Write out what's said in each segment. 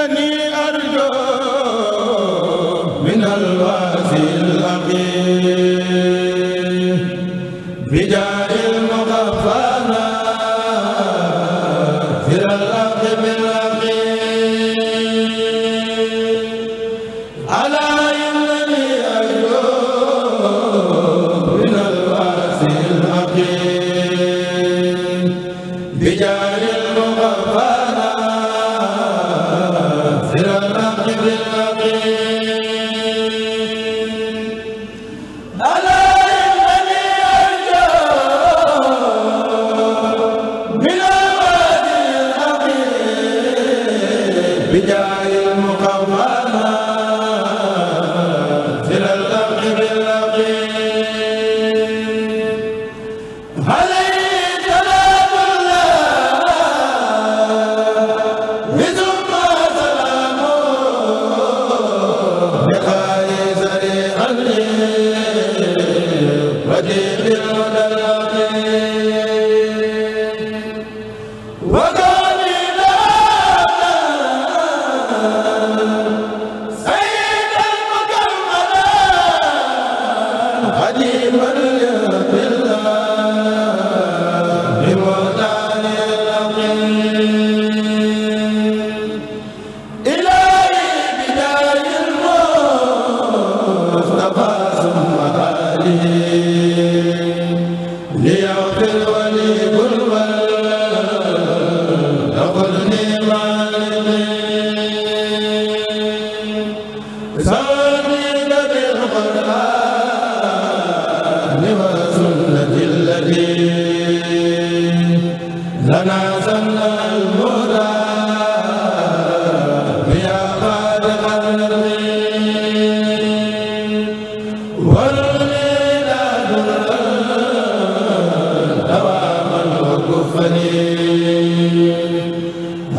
bi jaari Sa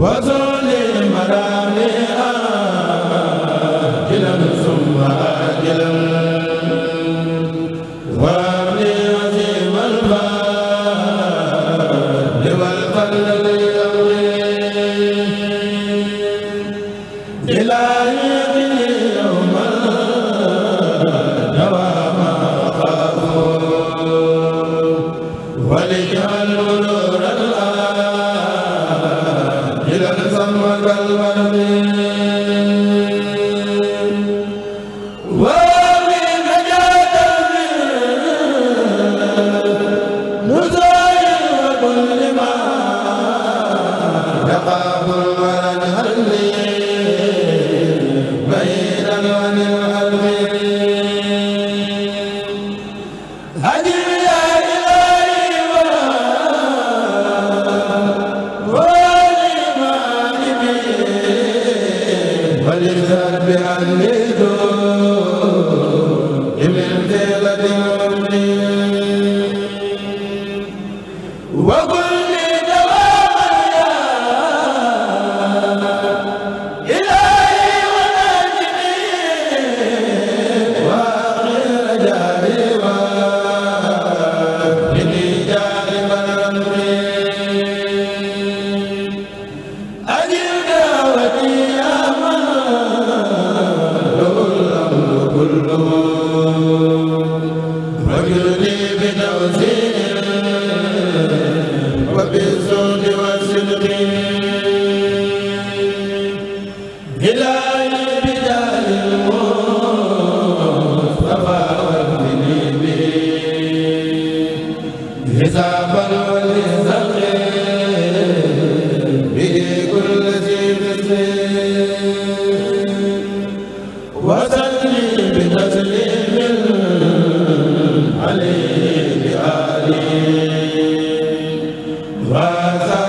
wa Amen a